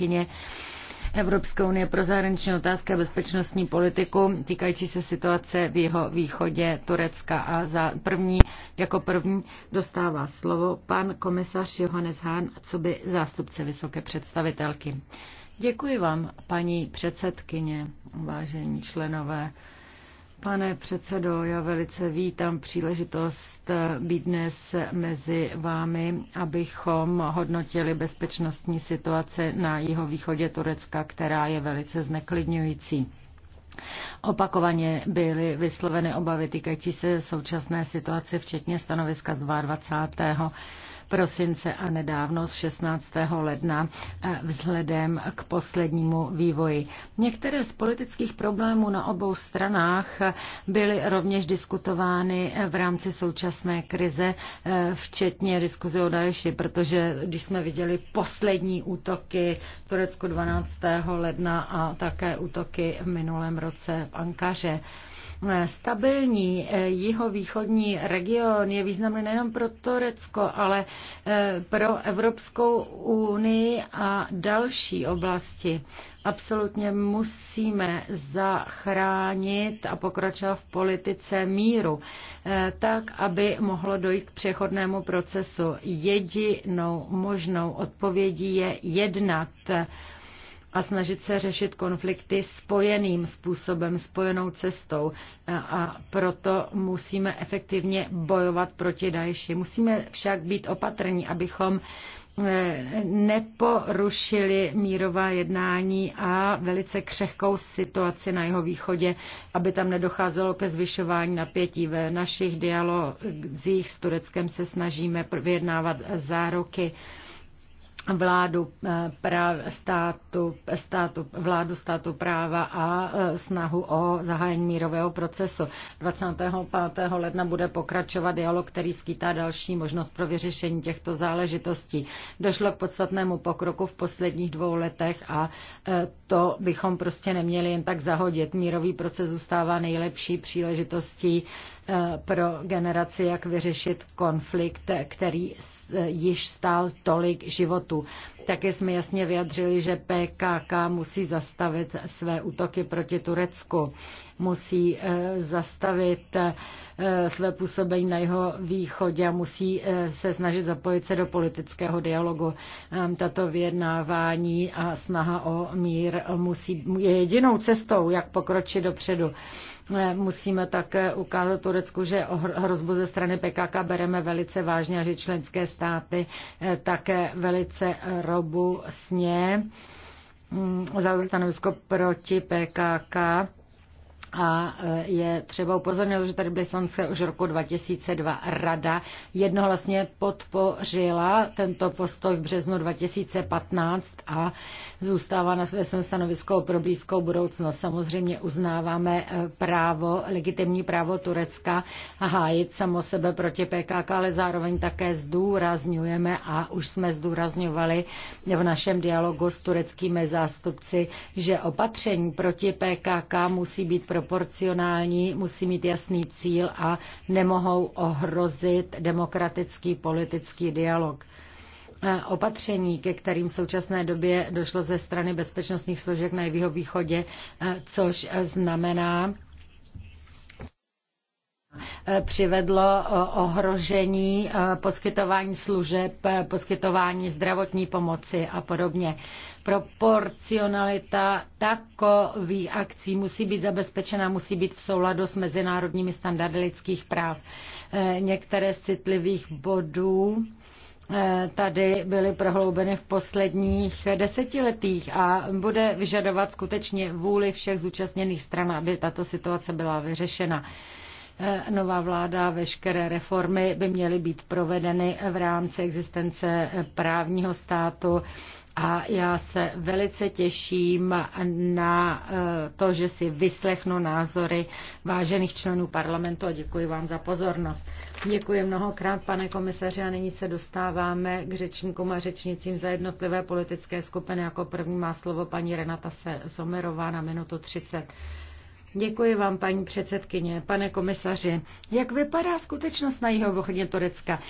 zástupkyně Evropské unie pro zahraniční otázky a bezpečnostní politiku týkající se situace v jeho východě Turecka a za první, jako první dostává slovo pan komisař Johannes Hahn, co by zástupce vysoké představitelky. Děkuji vám, paní předsedkyně, vážení členové Pane předsedo, já velice vítám příležitost být dnes mezi vámi, abychom hodnotili bezpečnostní situaci na jihovýchodě Turecka, která je velice zneklidňující. Opakovaně byly vysloveny obavy týkající se současné situace, včetně stanoviska z 22 prosince a nedávno z 16. ledna eh, vzhledem k poslednímu vývoji. Některé z politických problémů na obou stranách eh, byly rovněž diskutovány eh, v rámci současné krize, včetně diskuze o Daeši, protože když jsme viděli poslední útoky v Turecku 12. ledna a také útoky v minulém roce v Ankaře, Stabilní eh, jihovýchodní region je významný nejen pro Turecko, ale eh, pro Evropskou unii a další oblasti. Absolutně musíme zachránit a pokračovat v politice míru, eh, tak, aby mohlo dojít k přechodnému procesu. Jedinou možnou odpovědí je jednat a snažit se řešit konflikty spojeným způsobem, spojenou cestou. A proto musíme efektivně bojovat proti Daeši. Musíme však být opatrní, abychom e, neporušili mírová jednání a velice křehkou situaci na jeho východě, aby tam nedocházelo ke zvyšování napětí. Ve našich dialozích s Tureckem se snažíme vyjednávat zároky vládu eh, práv, státu, státu, vládu státu práva a eh, snahu o zahájení mírového procesu. 25. ledna bude pokračovat dialog, který skýtá další možnost pro vyřešení těchto záležitostí. Došlo k podstatnému pokroku v posledních dvou letech a eh, to bychom prostě neměli jen tak zahodit. Mírový proces zůstává nejlepší příležitostí pro generaci, jak vyřešit konflikt, který již stál tolik životů. Také jsme jasně vyjadřili, že PKK musí zastavit své útoky proti Turecku, musí eh, zastavit eh, své působení na jeho východě a musí eh, se snažit zapojit se do politického dialogu. Ehm, tato vyjednávání a snaha o mír musí, je jedinou cestou, jak pokročit dopředu. Musíme také ukázat Turecku, že hrozbu ze strany PKK bereme velice vážně a že členské státy eh, také velice robustně mm, Zaujímavé stanovisko proti PKK a e, je třeba upozornit, že tady v už roku 2002 rada jednohlasně podpořila tento postoj v březnu 2015 a zůstává na svém stanovisku pro blízkou budoucnost. Samozřejmě uznáváme e, právo, legitimní právo Turecka a hájit samo sebe proti PKK, ale zároveň také zdůrazňujeme a už jsme zdůrazňovali v našem dialogu s tureckými zástupci, že opatření proti PKK musí být pro proporcionální, musí mít jasný cíl a nemohou ohrozit demokratický politický dialog. E, opatření, ke kterým v současné době došlo ze strany bezpečnostních složek na jeho východě, e, což e, znamená Eh, přivedlo eh, ohrožení eh, poskytování služeb, poskytování zdravotní pomoci a podobně. Proporcionalita takových akcí musí být zabezpečena, musí být v souladu s mezinárodními standardy lidských práv. Některé z citlivých bodů tady byly prohloubeny v posledních desetiletích a bude vyžadovat skutečně vůli všech zúčastněných stran, aby tato situace byla vyřešena. Eh, nová vláda, veškeré reformy by měly být provedeny v rámci existence eh, právního státu a já se velice těším na eh, to, že si vyslechnu názory vážených členů parlamentu a děkuji vám za pozornost. Děkuji mnohokrát, pane komisaři, a nyní se dostáváme k řečníkům a řečnicím za jednotlivé politické skupiny. Jako první má slovo paní Renata Somerová na minutu 30. Děkuji vám, paní předsedkyně, pane komisaři. Jak vypadá skutečnost na jihovýchodě Turecka?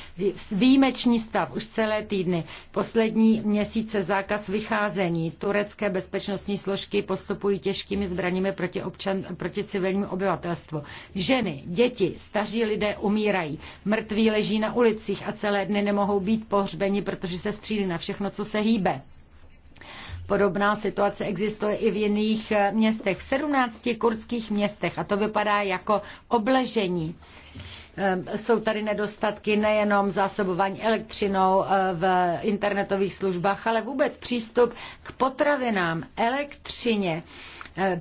Výjimečný stav už celé týdny. Poslední měsíce zákaz vycházení. Turecké bezpečnostní složky postupují těžkými zbraněmi proti, občan, proti civilnímu obyvatelstvu. Ženy, děti, staří lidé umírají. Mrtví leží na ulicích a celé dny nemohou být pohřbeni, protože se střílí na všechno, co se hýbe. Podobná situace existuje i v jiných eh, městech, v 17 kurdských městech a to vypadá jako obležení. Eh, jsou tady nedostatky nejenom zásobování elektřinou eh, v internetových službách, ale vůbec přístup k potravinám, elektřině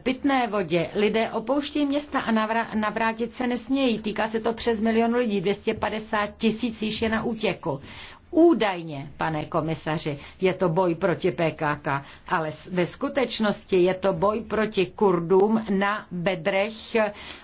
pitné vodě. Lidé opouštějí města a navrátit se nesmějí. Týká se to přes milion lidí, 250 tisíc již je na útěku. Údajně, pane komisaři, je to boj proti PKK, ale ve skutečnosti je to boj proti Kurdům na bedrech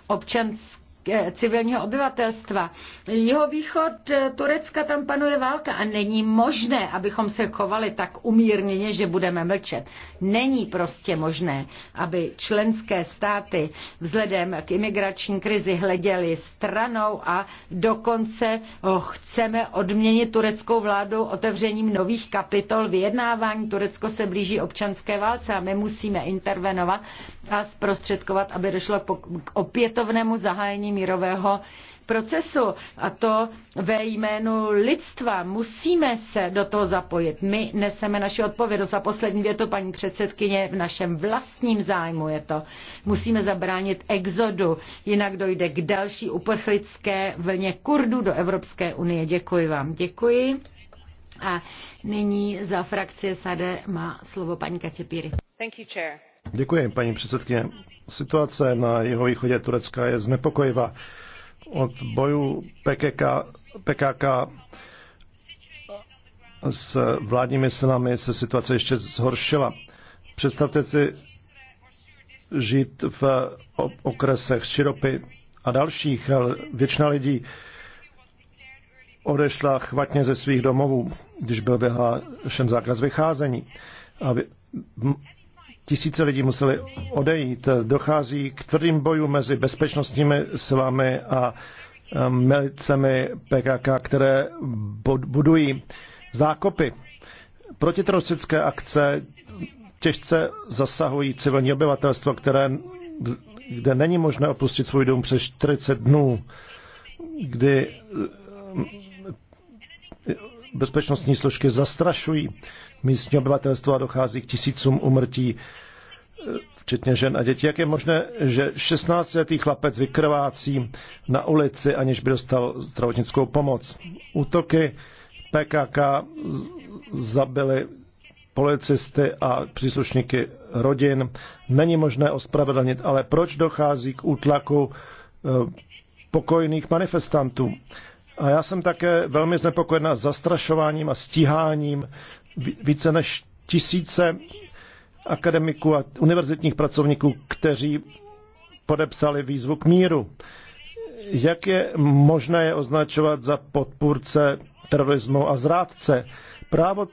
občanské Eh, civilního obyvatelstva. Jeho východ eh, Turecka tam panuje válka a není možné, abychom se chovali tak umírněně, že budeme mlčet. Není prostě možné, aby členské státy vzhledem k imigrační krizi hleděli stranou a dokonce oh, chceme odměnit tureckou vládu otevřením nových kapitol vyjednávání. Turecko se blíží občanské válce a my musíme intervenovat a zprostředkovat, aby došlo k opětovnému zahájení mírového procesu. A to ve jménu lidstva. Musíme se do toho zapojit. My neseme naši odpovědnost. A poslední větu, paní předsedkyně, v našem vlastním zájmu je to. Musíme zabránit exodu, jinak dojde k další uprchlické vlně Kurdů do Evropské unie. Děkuji vám. Děkuji. A nyní za frakci SAD má slovo paní Píry. Thank you, chair Děkuji, paní předsedkyně. Situace na jeho východě Turecka je znepokojivá. Od bojů PKK, PKK s vládními silami se situace ještě zhoršila. Představte si žít v okresech Širopy a dalších. Většina lidí odešla chvatně ze svých domovů, když byl vyhlášen zákaz vycházení. A Tisíce lidí museli odejít. Dochází k tvrdým bojům mezi bezpečnostními silami a milicemi PKK, které budují zákopy. Protiteroristické akce těžce zasahují civilní obyvatelstvo, které, kde není možné opustit svůj dům přes 40 dnů, kdy bezpečnostní složky zastrašují místní obyvatelstvo a dochází k tisícům umrtí, e, včetně žen a dětí. Jak je možné, že 16-letý chlapec vykrvácí na ulici, aniž by dostal zdravotnickou pomoc? Útoky PKK zabily policisty a příslušníky rodin. Není možné ospravedlnit, ale proč dochází k útlaku e, pokojných manifestantů? A já jsem také velmi znepokojena zastrašováním a stíháním více než tisíce akademiků a univerzitních pracovníků, kteří podepsali výzvu k míru. Jak je možné je označovat za podpůrce terorismu a zrádce? Právo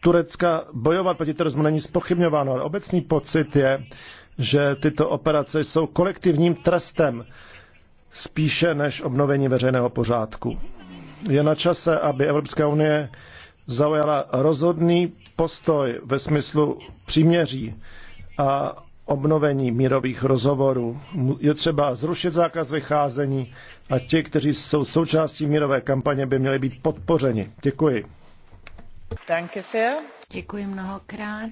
Turecka bojovat proti terorismu není spochybňováno, ale obecný pocit je, že tyto operace jsou kolektivním trestem spíše než obnovení veřejného pořádku. Je na čase, aby Evropská unie zaujala rozhodný postoj ve smyslu příměří a obnovení mírových rozhovorů. Je třeba zrušit zákaz vycházení a ti, kteří jsou součástí mírové kampaně, by měli být podpořeni. Děkuji. Děkuji mnohokrát.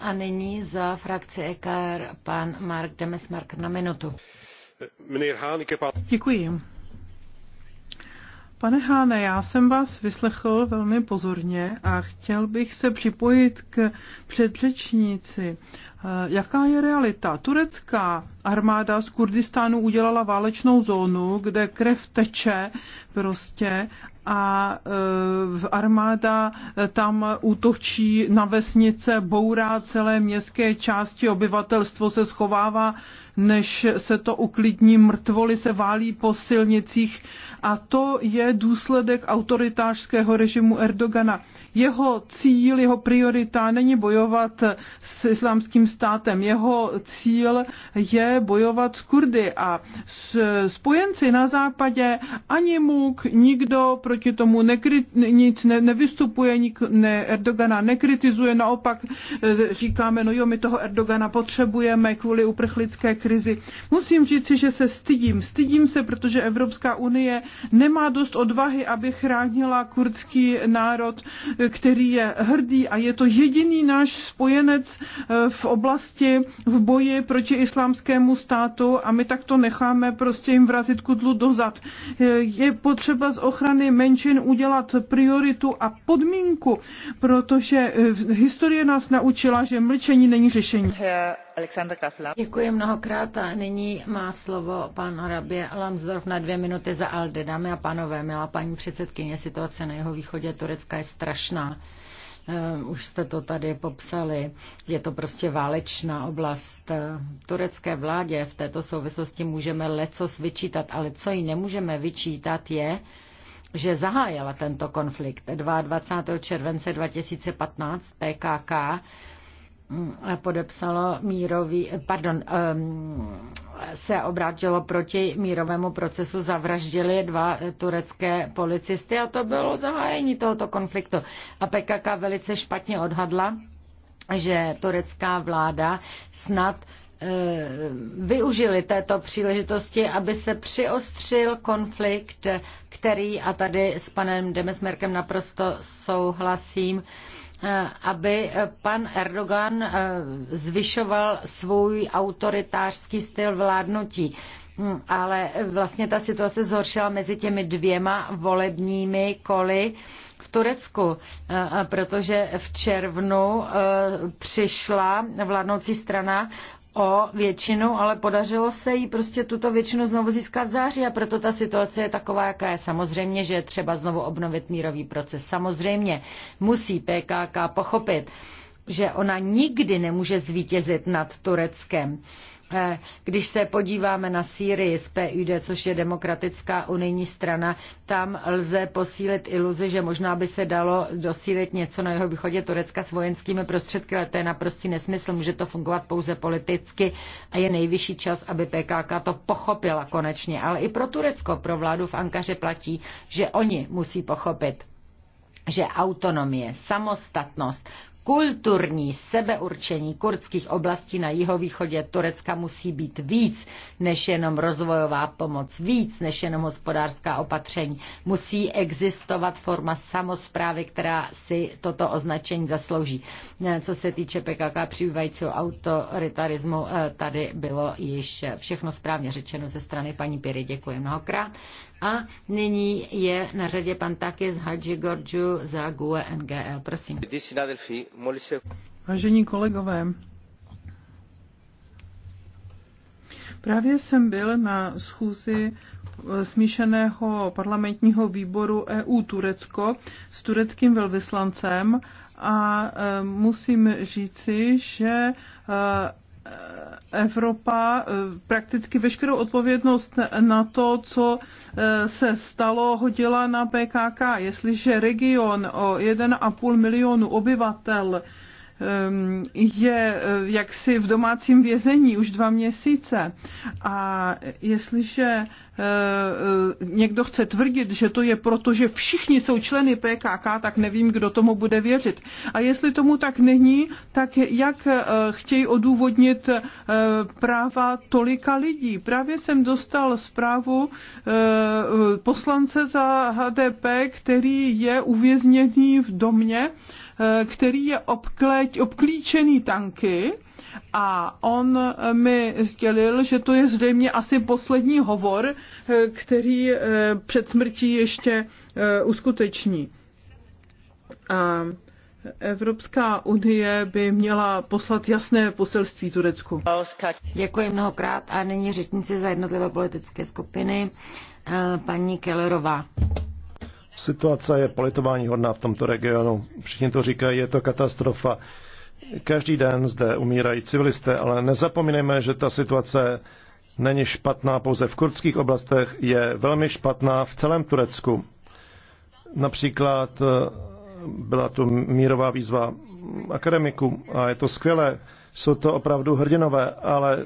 A nyní za frakci EKR pan Mark Demesmark na minutu. Děkuji. Pane hahne já jsem vás vyslechl velmi pozorně a chtěl bych se připojit k předřečníci. Eh, jaká je realita? Turecká armáda z Kurdistánu udělala válečnou zónu, kde krev teče prostě a e, armáda eh, tam útočí na vesnice, bourá celé městské části, obyvatelstvo se schovává než se to uklidní, mrtvoli se válí po silnicích a to je důsledek autoritářského režimu Erdogana. Jeho cíl, jeho priorita není bojovat s islámským státem, jeho cíl je bojovat s Kurdy a s spojenci na západě ani muk, nikdo proti tomu nekry, nic ne, nevystupuje, nik, ne, Erdogana nekritizuje, naopak e, říkáme, no jo, my toho Erdogana potřebujeme kvůli uprchlické krizi. Musím říci, že se stydím. Stydím se, protože Evropská unie nemá dost odvahy, aby chránila kurdský národ, který je hrdý a je to jediný náš spojenec eh, v oblasti v boji proti islámskému státu a my takto necháme prostě jim vrazit kudlu dozad. Eh, je potřeba z ochrany menšin udělat prioritu a podmínku, protože eh, historie nás naučila, že mlčení není řešení. Děkuji mnohokrát a nyní má slovo pan Rabě Lamsdorf na dvě minuty za Alde. Dámy a pánové, milá paní předsedkyně, situace na jeho východě Turecka je strašná. Ehm, už jste to tady popsali, je to prostě válečná oblast. Turecké vládě v této souvislosti můžeme lecos vyčítat, ale co jí nemůžeme vyčítat je, že zahájila tento konflikt 22. července 2015 PKK podepsalo mírový, pardon, se obrátilo proti mírovému procesu, zavraždili dva turecké policisty a to bylo zahájení tohoto konfliktu. A PKK velice špatně odhadla, že turecká vláda snad využili této příležitosti, aby se přiostřil konflikt, který, a tady s panem Demesmerkem naprosto souhlasím, Eh, aby pan Erdogan eh, zvyšoval svůj autoritářský styl vládnutí. Hm, ale vlastně ta situace zhoršila mezi těmi dvěma volebními koly v Turecku, eh, protože v červnu přišla vládnoucí strana o většinu, ale podařilo se jí prostě tuto většinu znovu získat v září a proto ta situace je taková, jaká je. Samozřejmě, že je třeba znovu obnovit mírový proces. Samozřejmě musí PKK pochopit, že ona nikdy nemůže zvítězit nad Tureckem když se podíváme na Sýrii z PUD, což je demokratická unijní strana, tam lze posílit iluzi, že možná by se dalo dosílit něco na jeho východě Turecka s vojenskými prostředky, ale to je naprostý nesmysl. Může to fungovat pouze politicky a je nejvyšší čas, aby PKK to pochopila konečně. Ale i pro Turecko, pro vládu v Ankaře platí, že oni musí pochopit že autonomie, samostatnost, kulturní sebeurčení kurdských oblastí na jihovýchodě Turecka musí být víc než jenom rozvojová pomoc, víc než jenom hospodářská opatření. Musí existovat forma samozprávy, která si toto označení zaslouží. Co se týče PKK přibývajícího autoritarismu, eh, tady bylo již eh, všechno správně řečeno ze strany paní Pěry. Děkuji mnohokrát. A nyní je na řadě pan Takis Hadži Gorju za GUE NGL. Prosím. Vážení kolegové, právě jsem byl na schůzi eh, smíšeného parlamentního výboru EU Turecko s tureckým velvyslancem a eh, musím říci, že eh, Evropa eh, prakticky veškerou odpovědnost na to, co eh, se stalo, hodila na PKK. Jestliže region o 1,5 milionu obyvatel Ehm, je eh, jaksi v domácím vězení už dva měsíce. A jestliže eh, eh, někdo chce tvrdit, že to je proto, že všichni jsou členy PKK, tak nevím, kdo tomu bude věřit. A jestli tomu tak není, tak jak chtějí odůvodnit práva tolika lidí? Právě jsem dostal zprávu poslance za HDP, který je uvězněný v domě Eh, který je obkleč, obklíčený tanky a on eh, mi sdělil, že to je zřejmě asi poslední hovor, eh, který před smrtí ještě uskuteční. A Evropská unie by měla poslat jasné poselství Turecku. Děkuji mnohokrát a nyní řečnici za jednotlivé politické skupiny paní Kellerová. Situace je politování hodná v tomto regionu. Všichni to říkají, je to katastrofa. Každý den zde umírají civilisté, ale nezapomínejme, že ta situace není špatná pouze v kurdských oblastech, je velmi špatná v celém Turecku. Například eh, byla tu mírová výzva akademiků a je to skvělé. Jsou to opravdu hrdinové, ale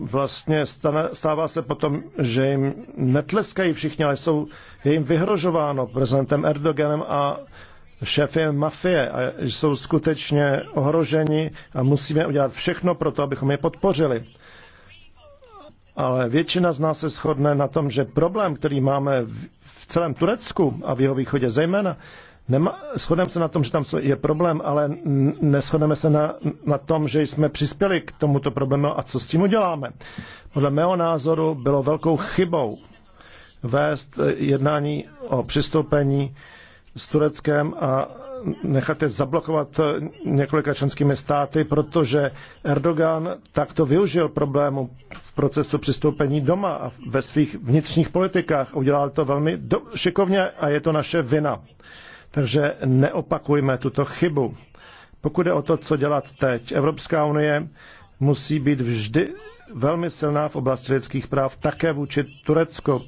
vlastně stává se potom, že jim netleskají všichni, ale jsou, je jim vyhrožováno prezidentem Erdoganem a šéfem mafie a jsou skutečně ohroženi a musíme udělat všechno pro to, abychom je podpořili. Ale většina z nás se shodne na tom, že problém, který máme v celém Turecku a v jeho východě zejména, Nema, shodneme se na tom, že tam je problém, ale neschodneme se na, na tom, že jsme přispěli k tomuto problému a co s tím uděláme. Podle mého názoru bylo velkou chybou vést eh, jednání o přistoupení s Tureckem a nechat je zablokovat eh, několika členskými státy, protože Erdogan takto využil problému v procesu přistoupení doma a ve svých vnitřních politikách. Udělal to velmi šikovně a je to naše vina. Takže neopakujme tuto chybu. Pokud je o to, co dělat teď, Evropská unie musí být vždy velmi silná v oblasti lidských práv, také vůči Turecku.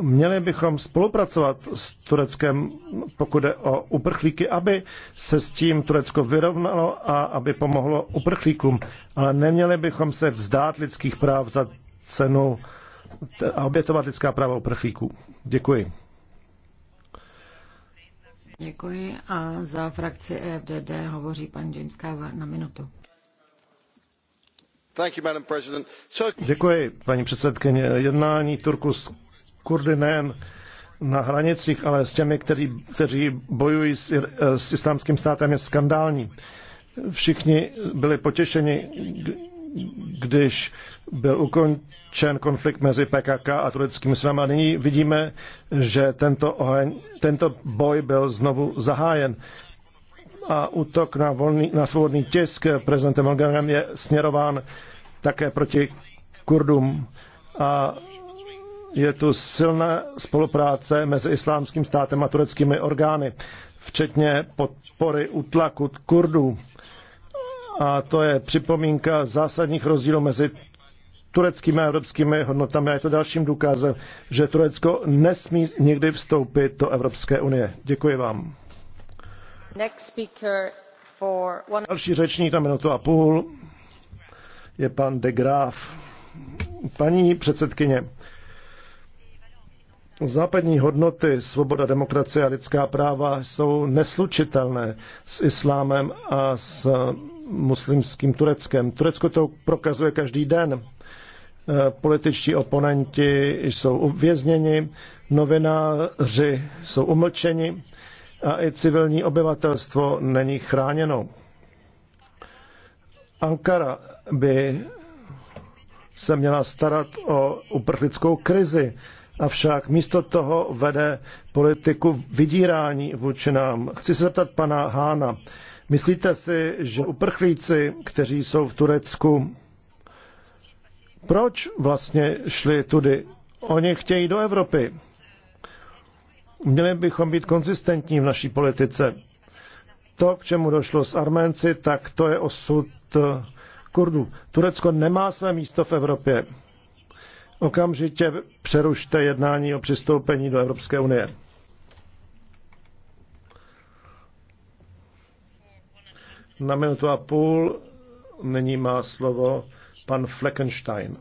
Měli bychom spolupracovat s Tureckem, pokud je o uprchlíky, aby se s tím Turecko vyrovnalo a aby pomohlo uprchlíkům. Ale neměli bychom se vzdát lidských práv za cenu a obětovat lidská práva uprchlíků. Děkuji. Děkuji a za frakci EFDD hovoří pan James Carver na minutu. Děkuji, paní předsedkyně. Jednání Turku s Kurdy nejen na hranicích, ale s těmi, kteří, kteří bojují s, eh, s islámským státem, je skandální. Všichni byli potěšeni, když byl ukončen konflikt mezi PKK a tureckými silami. A nyní vidíme, že tento, oheň, tento boj byl znovu zahájen. A útok na, volný, na svobodný tisk prezidentem Erdoganem je směrován také proti Kurdům. A je tu silná spolupráce mezi islámským státem a tureckými orgány, včetně podpory utlaku Kurdů a to je připomínka zásadních rozdílů mezi tureckými a evropskými hodnotami. A je to dalším důkazem, že Turecko nesmí nikdy vstoupit do Evropské unie. Děkuji vám. One... Další řečník na minutu a půl je pan de Graaf. Paní předsedkyně, západní hodnoty, svoboda, demokracie a lidská práva jsou neslučitelné s islámem a s muslimským Tureckem. Turecko to prokazuje každý den. E, političtí oponenti jsou uvězněni, novináři jsou umlčeni a i civilní obyvatelstvo není chráněno. Ankara by se měla starat o uprchlickou krizi, avšak místo toho vede politiku vydírání vůči nám. Chci se zeptat pana Hána, Myslíte si, že uprchlíci, kteří jsou v Turecku, proč vlastně šli tudy? Oni chtějí do Evropy. Měli bychom být konzistentní v naší politice. To, k čemu došlo s Arménci, tak to je osud eh, Kurdů. Turecko nemá své místo v Evropě. Okamžitě přerušte jednání o přistoupení do Evropské unie. Na minutu a půl nyní má slovo pan Fleckenstein.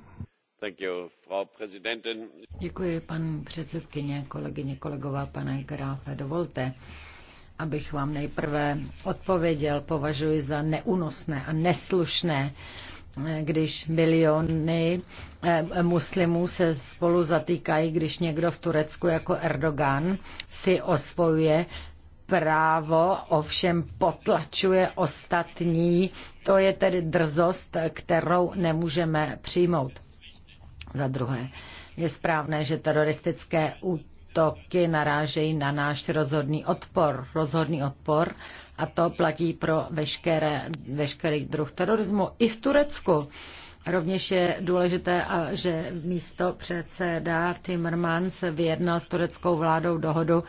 Děkuji, pan předsedkyně, kolegyně, kolegová, pane Grafe. Dovolte, abych vám nejprve odpověděl. Považuji za neúnosné a neslušné, když miliony eh, muslimů se spolu zatýkají, když někdo v Turecku jako Erdogan si osvojuje právo ovšem potlačuje ostatní. To je tedy drzost, kterou nemůžeme přijmout. Za druhé, je správné, že teroristické útoky narážejí na náš rozhodný odpor. Rozhodný odpor a to platí pro veškeré, veškerý druh terorismu i v Turecku. Rovněž je důležité, že místo předseda Timmermans vyjednal s tureckou vládou dohodu,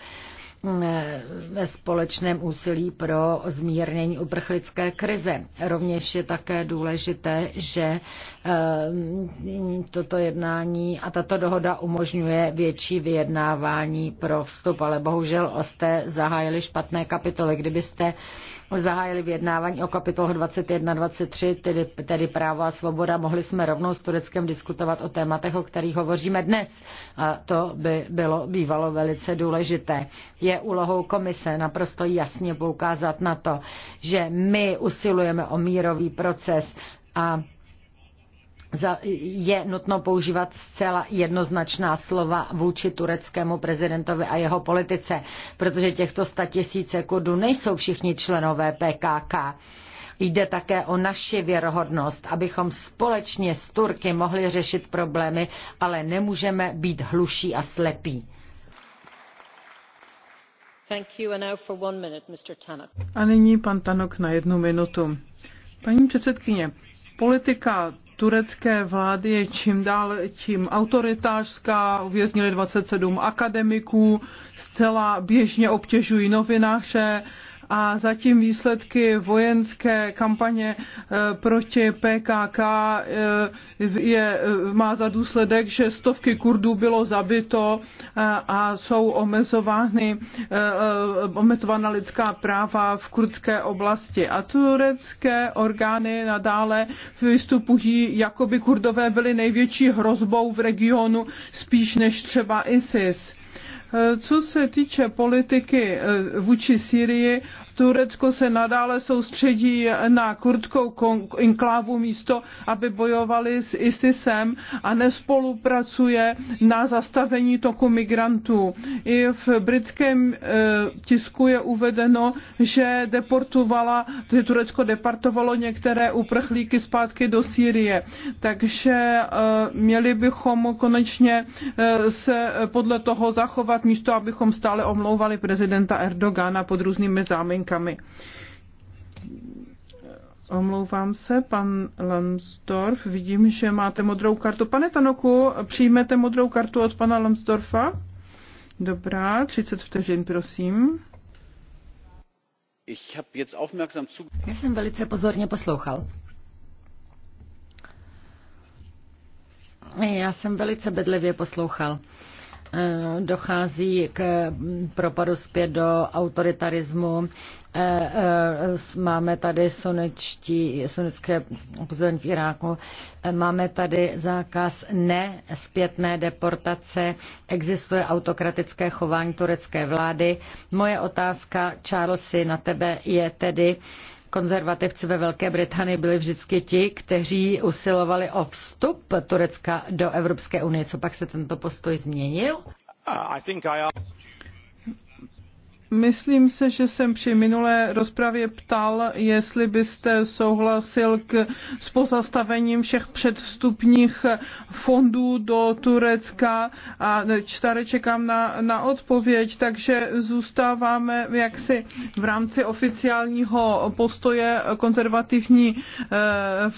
ve společném úsilí pro zmírnění uprchlické krize. Rovněž je také důležité, že eh, toto jednání a tato dohoda umožňuje větší vyjednávání pro vstup, ale bohužel oste zahájili špatné kapitoly. Kdybyste zahájili vyjednávání o kapitolu 21-23, tedy, tedy právo a svoboda, mohli jsme rovnou s Tureckem diskutovat o tématech, o kterých hovoříme dnes. A to by bylo bývalo velice důležité. Je úlohou komise naprosto jasně poukázat na to, že my usilujeme o mírový proces a je nutno používat zcela jednoznačná slova vůči tureckému prezidentovi a jeho politice, protože těchto statisíce Kurdů nejsou všichni členové PKK. Jde také o naši věrohodnost, abychom společně s Turky mohli řešit problémy, ale nemůžeme být hluší a slepí. A nyní pan Tanok na jednu minutu. Paní předsedkyně, politika turecké vlády je čím dál tím autoritářská, uvěznili 27 akademiků, zcela běžně obtěžují novináře, a zatím výsledky vojenské kampaně eh, proti PKK eh, je, eh, má za důsledek, že stovky Kurdů bylo zabito a jsou omezovány, omezována lidská práva v kurdské oblasti. A turecké orgány nadále vystupují, jako by Kurdové byli největší hrozbou v regionu, spíš než třeba ISIS Eh, co se týče politiky eh, vůči Sýrii, Turecko se nadále soustředí na kurdskou inklávu místo, aby bojovali s ISISem a nespolupracuje na zastavení toku migrantů. I v britském eh, tisku je uvedeno, že deportovala, že Turecko deportovalo některé uprchlíky zpátky do Sýrie. Takže eh, měli bychom konečně eh, se podle toho zachovat místo, abychom stále omlouvali prezidenta Erdogana pod různými záminkami podmínkami. Omlouvám se, pan Lamsdorf. vidím, že máte modrou kartu. Pane Tanoku, přijmete modrou kartu od pana Lambsdorffa? Dobrá, 30 vteřin, prosím. Já jsem velice pozorně poslouchal. Já jsem velice bedlivě poslouchal dochází k propadu zpět do autoritarismu. E, e, máme tady sunečtí, sunecké opozorní v Iráku. E, máme tady zákaz nespětné deportace. Existuje autokratické chování turecké vlády. Moje otázka, Charlesy, na tebe je tedy, konzervativci ve Velké Británii byli vždycky ti, kteří usilovali o vstup Turecka do Evropské unie. Co pak se tento postoj změnil? Uh, Myslím se, že jsem při minulé rozpravě ptal, jestli byste souhlasil k, s pozastavením všech předvstupních fondů do Turecka a tady čekám na, na odpověď, takže zůstáváme jaksi v rámci oficiálního postoje konzervativní eh,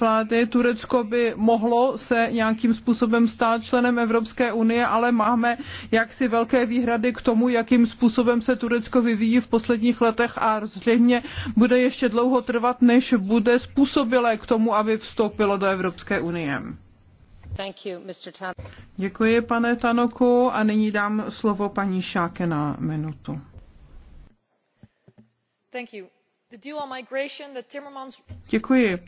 vlády. Turecko by mohlo se nějakým způsobem stát členem Evropské unie, ale máme jaksi velké výhrady k tomu, jakým způsobem se Turecko Turecko vyvíjí v posledních letech a zřejmě bude ještě dlouho trvat, než bude způsobilé k tomu, aby vstoupilo do Evropské unie. You, Děkuji, pane Tanoku, a nyní dám slovo paní Šáke na minutu. Děkuji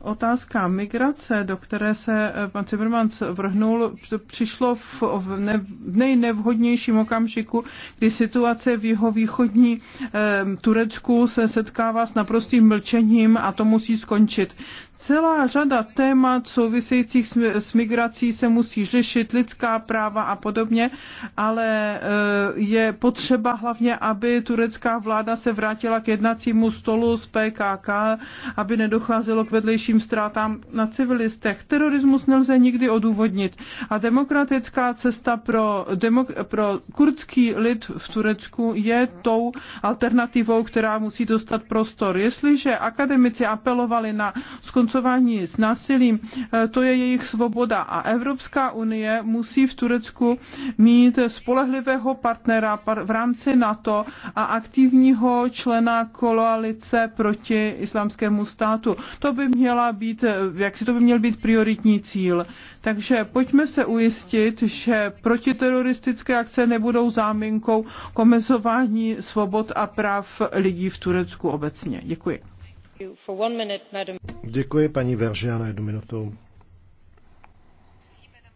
otázka migrace, do které se eh, pan Cibermans vrhnul, přišlo v, ne, v nejnevhodnějším okamžiku, kdy situace v jeho východní eh, Turecku se setkává s naprostým mlčením a to musí skončit. Celá řada témat souvisejících s migrací se musí řešit, lidská práva a podobně, ale eh, je potřeba hlavně, aby turecká vláda se vrátila k jednacímu stolu z PKK, aby nedocházelo k vedlejším ztrátám na civilistech. Terorismus nelze nikdy odůvodnit a demokratická cesta pro, demok- pro kurdský lid v Turecku je tou alternativou, která musí dostat prostor. Jestliže akademici apelovali na skon skoncování s násilím, eh, to je jejich svoboda. A Evropská unie musí v Turecku mít spolehlivého partnera v rámci NATO a aktivního člena koalice proti islámskému státu. To by měla být, eh, jak si to by měl být prioritní cíl. Takže pojďme se ujistit, že protiteroristické akce nebudou záminkou komezování svobod a práv lidí v Turecku obecně. Děkuji. Děkuji paní Veržia jednu minutu.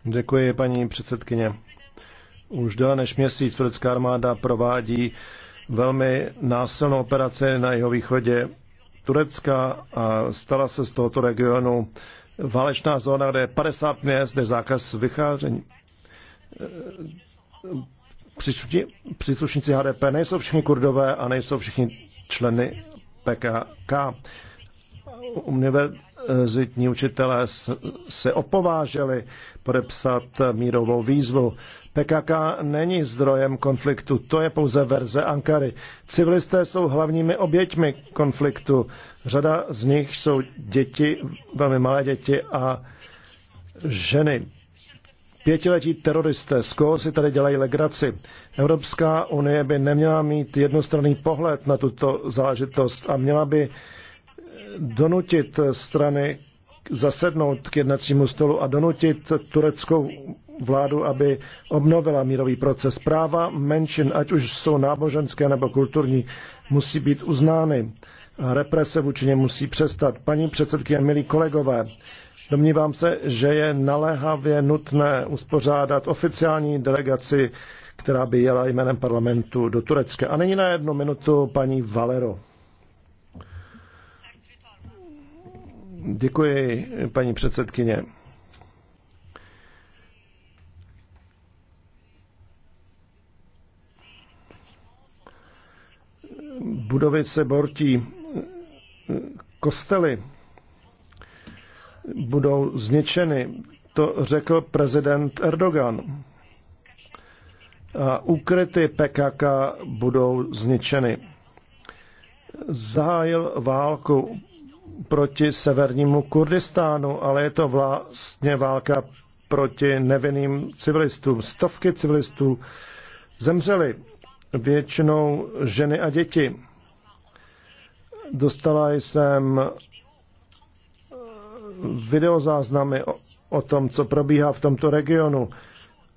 Děkuji paní předsedkyně. Už déle než měsíc turecká armáda provádí velmi násilnou operaci na jeho východě Turecka a stala se z tohoto regionu válečná zóna, kde je 50 měst, kde je zákaz vycházení. Příslušníci HDP nejsou všichni kurdové a nejsou všichni členy PKK. Univerzitní učitelé se opováželi podepsat mírovou výzvu. PKK není zdrojem konfliktu, to je pouze verze Ankary. Civilisté jsou hlavními oběťmi konfliktu. Řada z nich jsou děti, velmi malé děti a ženy. Pětiletí teroristé, z koho si tady dělají legraci? Evropská unie by neměla mít jednostranný pohled na tuto záležitost a měla by eh, donutit strany zasednout k jednacímu stolu a donutit tureckou vládu, aby obnovila mírový proces. Práva menšin, ať už jsou náboženské nebo kulturní, musí být uznány. Represe vůči musí přestat. Paní předsedkyně, milí kolegové, Domnívám se, že je naléhavě nutné uspořádat oficiální delegaci, která by jela jménem parlamentu do Turecka. A nyní na jednu minutu paní Valero. Děkuji, paní předsedkyně. Budovy se bortí kostely budou zničeny. To řekl prezident Erdogan. A ukryty PKK budou zničeny. Zahájil válku proti severnímu Kurdistánu, ale je to vlastně válka proti nevinným civilistům. Stovky civilistů zemřeli, většinou ženy a děti. Dostala jsem videozáznamy o, o tom, co probíhá v tomto regionu.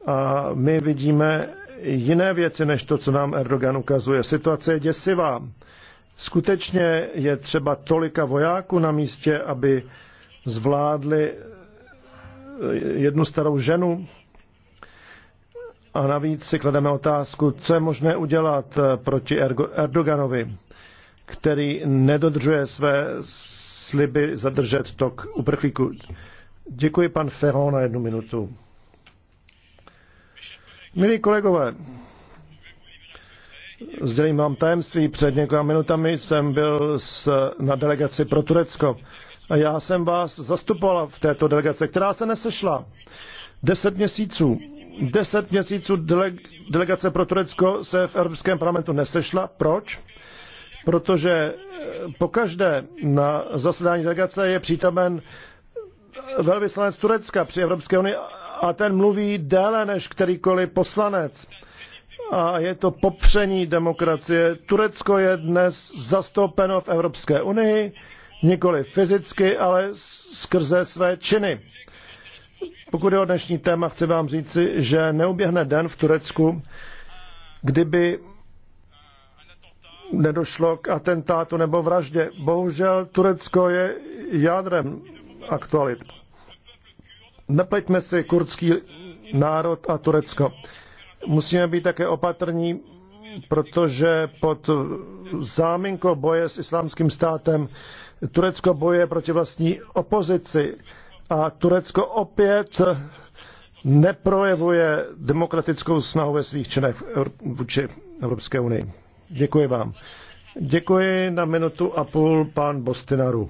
A my vidíme jiné věci, než to, co nám Erdogan ukazuje. Situace je děsivá. Skutečně je třeba tolika vojáků na místě, aby zvládli eh, jednu starou ženu. A navíc si klademe otázku, co je možné udělat eh, proti Erdoganovi, který nedodržuje své sliby zadržet tok uprchlíků. Děkuji pan Ferro na jednu minutu. Milí kolegové, zřejmě mám tajemství. Před několika minutami jsem byl s, na delegaci pro Turecko a já jsem vás zastupoval v této delegaci, která se nesešla. Deset měsíců. Deset měsíců dele, delegace pro Turecko se v Evropském parlamentu nesešla. Proč? protože eh, po každé na zasedání delegace je přítomen velvyslanec Turecka při Evropské unii a ten mluví déle než kterýkoliv poslanec. A je to popření demokracie. Turecko je dnes zastoupeno v Evropské unii, nikoli fyzicky, ale skrze své činy. Pokud je o dnešní téma, chci vám říci, že neuběhne den v Turecku, kdyby nedošlo k atentátu nebo vraždě. Bohužel Turecko je jádrem aktualit. Nepleťme si kurdský národ a Turecko. Musíme být také opatrní, protože pod záminkou boje s islámským státem Turecko boje proti vlastní opozici a Turecko opět neprojevuje demokratickou snahu ve svých činech vůči Evropské unii. Děkuji vám. Děkuji na minutu a půl pan Bostinaru.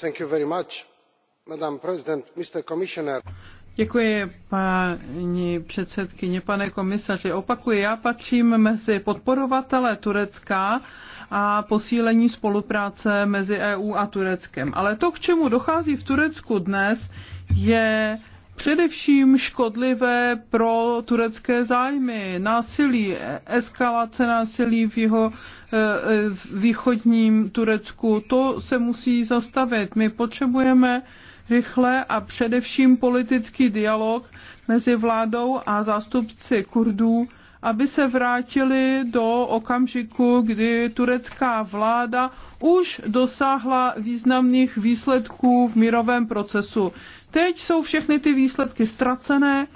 Thank you very much, Madam President, Mr. Commissioner. Děkuji, paní předsedkyně, pane komisaři. Opakuji, já patřím mezi podporovatele Turecka a posílení spolupráce mezi EU a Tureckem. Ale to, k čemu dochází v Turecku dnes, je především škodlivé pro turecké zájmy. Násilí, eskalace násilí v jeho eh, eh, východním Turecku, to se musí zastavit. My potřebujeme rychle a především politický dialog mezi vládou a zástupci Kurdů, aby se vrátili do okamžiku, kdy turecká vláda už dosáhla významných výsledků v mírovém procesu. Teď jsou všechny ty výsledky ztracené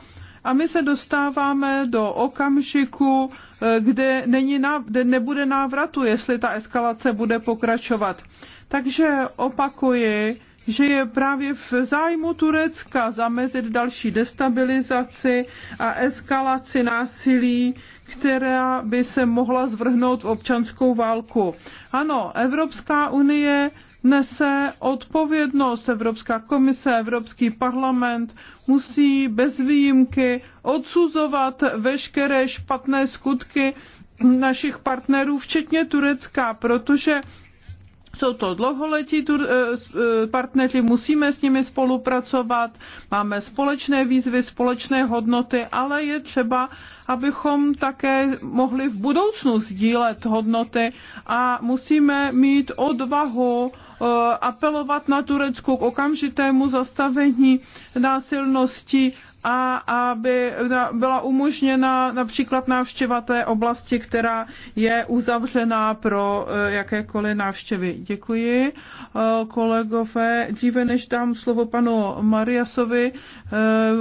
a my se dostáváme do okamžiku, eh, kde, není, kde nebude návratu, jestli ta eskalace bude pokračovat. Takže opakuji, že je právě v zájmu Turecka zamezit další destabilizaci a eskalaci násilí, která by se mohla zvrhnout v občanskou válku. Ano, Evropská unie nese odpovědnost. Evropská komise, Evropský parlament musí bez výjimky odsuzovat veškeré špatné skutky našich partnerů, včetně Turecka, protože jsou to dlouholetí eh, eh, partneři, musíme s nimi spolupracovat, máme společné výzvy, společné hodnoty, ale je třeba, abychom také mohli v budoucnu sdílet hodnoty a musíme mít odvahu Eh, apelovat na Turecko k okamžitému zastavení násilnosti a aby byla umožněna například návštěva té oblasti, která je uzavřená pro eh, jakékoliv návštěvy. Děkuji, eh, kolegové. Dříve než dám slovo panu Mariasovi,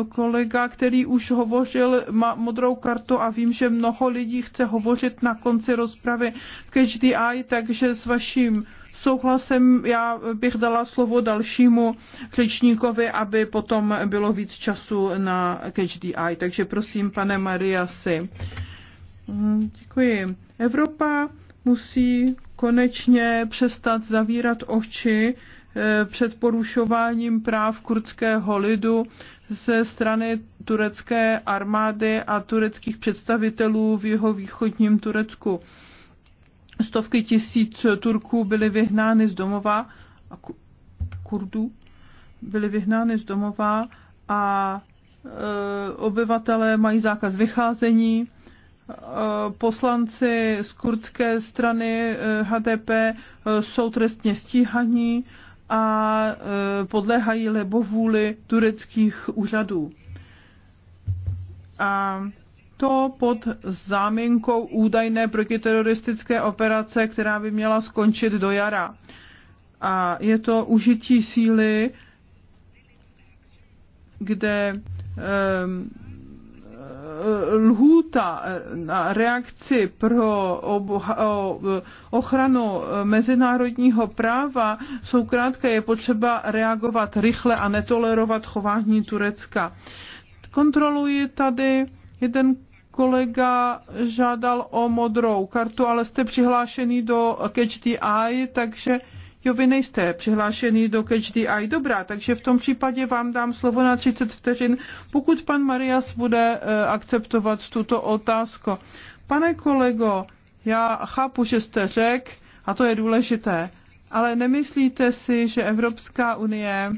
kolega, který už hovořil, má modrou kartu a vím, že mnoho lidí chce hovořit na konci rozpravy v KHDI, takže s vaším souhlasem já bych dala slovo dalšímu řečníkovi, aby potom bylo víc času na HDI. Takže prosím, pane Mariasi. Mm, děkuji. Evropa musí konečně přestat zavírat oči eh, před porušováním práv kurdského lidu ze strany turecké armády a tureckých představitelů v jeho východním Turecku. Stovky tisíc Turků byly vyhnány z domova a Kurdů byly vyhnány z domova a e, obyvatelé mají zákaz vycházení. E, poslanci z kurdské strany e, HDP e, jsou trestně stíhaní a podléhají lebovůli tureckých úřadů. A to pod záminkou údajné protiteroristické operace, která by měla skončit do jara. A je to užití síly, kde ehm, eh, lhůta eh, na reakci pro ochranu eh, mezinárodního práva jsou krátké, je potřeba reagovat rychle a netolerovat chování Turecka. Kontroluji tady jeden kolega žádal o modrou kartu, ale jste přihlášený do Catch the Eye, takže jo, vy nejste přihlášený do Catch the Eye. Dobrá, takže v tom případě vám dám slovo na 30 vteřin, pokud pan Marias bude eh, akceptovat tuto otázku. Pane kolego, já chápu, že jste řek, a to je důležité, ale nemyslíte si, že Evropská unie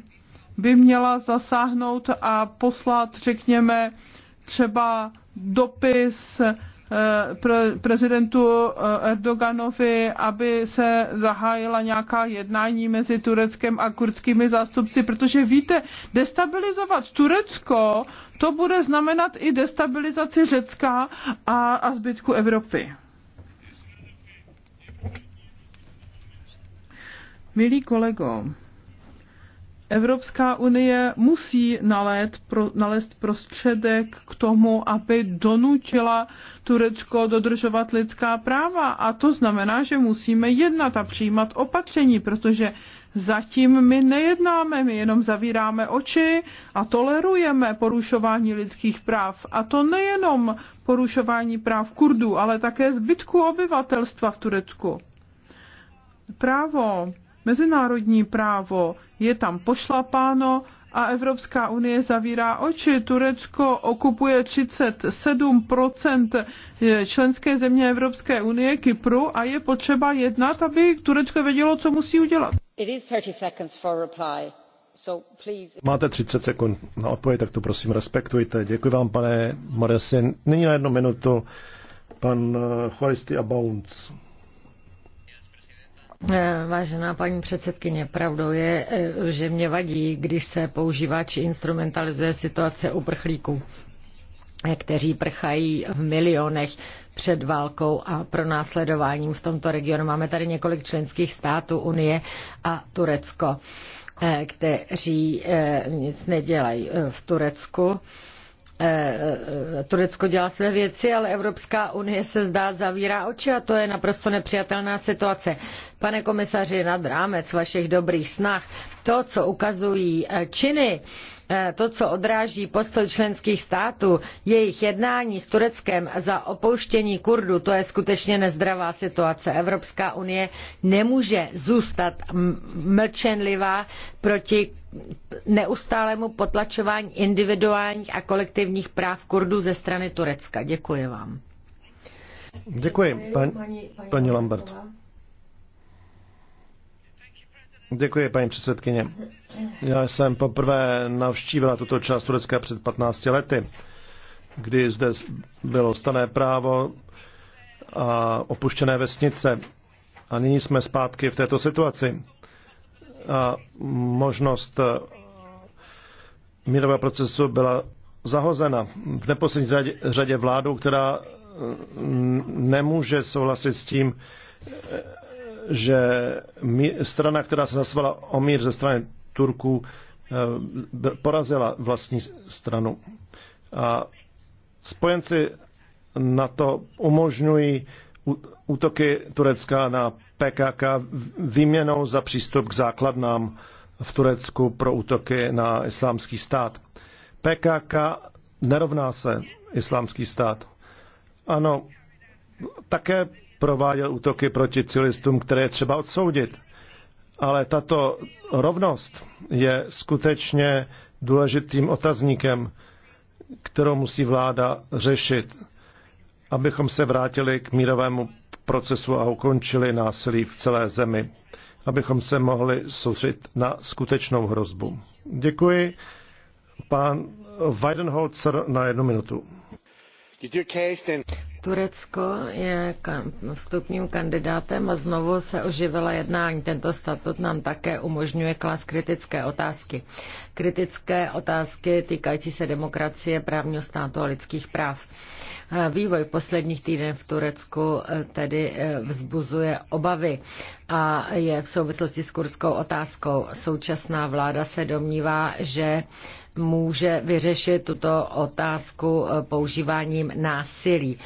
by měla zasáhnout a poslat, řekněme, třeba dopis eh, pre, prezidentu eh, Erdoganovi, aby se zahájila nějaká jednání mezi Tureckem a kurdskými zástupci, protože víte, destabilizovat Turecko, to bude znamenat i destabilizaci Řecka a, a zbytku Evropy. Milí kolego, Evropská unie musí nalézt, pro, nalézt prostředek k tomu, aby donutila Turecko dodržovat lidská práva. A to znamená, že musíme jednat a přijímat opatření, protože zatím my nejednáme, my jenom zavíráme oči a tolerujeme porušování lidských práv. A to nejenom porušování práv Kurdů, ale také zbytku obyvatelstva v Turecku. Právo mezinárodní právo je tam pošlapáno a Evropská unie zavírá oči. Turecko okupuje 37 členské země Evropské unie, Kypru, a je potřeba jednat, aby Turecko vědělo, co musí udělat. Máte 30 sekund na odpověď, tak to prosím respektujte. Děkuji vám, pane Moresin. Nyní na jednu minutu pan eh, Chvalisty Abounc. Eh, vážená paní předsedkyně, pravdou je, eh, že mě vadí, když se používá či instrumentalizuje situace uprchlíků eh, kteří prchají v milionech před válkou a pronásledováním v tomto regionu. Máme tady několik členských států Unie a Turecko, kteří nic nedělají v Turecku Eh, Turecko dělá své věci, ale Evropská unie se zdá zavírá oči a to je naprosto nepřijatelná situace. Pane komisaři, nad rámec vašich dobrých snah, to, co ukazují eh, činy, Eh, to, co odráží postoj členských států, jejich jednání s Tureckem za opouštění Kurdu, to je skutečně nezdravá situace. Evropská unie nemůže zůstat mlčenlivá proti neustálému potlačování individuálních a kolektivních práv Kurdů ze strany Turecka. Děkuji vám. Děkuji, paní, paní, Lambert. Děkuji, paní předsedkyně. Já jsem poprvé navštívila tuto část Turecka před 15 lety, kdy zde bylo stané právo a opuštěné vesnice. A nyní jsme zpátky v této situaci. A možnost eh, mírového procesu byla zahozena v neposlední řadě, vládou, která eh, nemůže souhlasit s tím, eh, že strana, která se nazvala o mír ze strany Turků eh, porazila vlastní stranu. A spojenci na to umožňují útoky Turecka na PKK výměnou za přístup k základnám v Turecku pro útoky na islámský stát. PKK nerovná se islámský stát. Ano, také prováděl útoky proti civilistům, které je třeba odsoudit ale tato rovnost je skutečně důležitým otazníkem, kterou musí vláda řešit, abychom se vrátili k mírovému procesu a ukončili násilí v celé zemi, abychom se mohli soustředit na skutečnou hrozbu. Děkuji. Pán Weidenholzer na jednu minutu. Turecko je vstupním kandidátem a znovu se oživila jednání. Tento statut nám také umožňuje klas kritické otázky. Kritické otázky týkající se demokracie, právního státu a lidských práv. Eh, vývoj posledních týdnů v Turecku eh, tedy eh, vzbuzuje obavy a je v souvislosti s kurdskou otázkou. Současná vláda se domnívá, že může vyřešit tuto otázku používáním násilí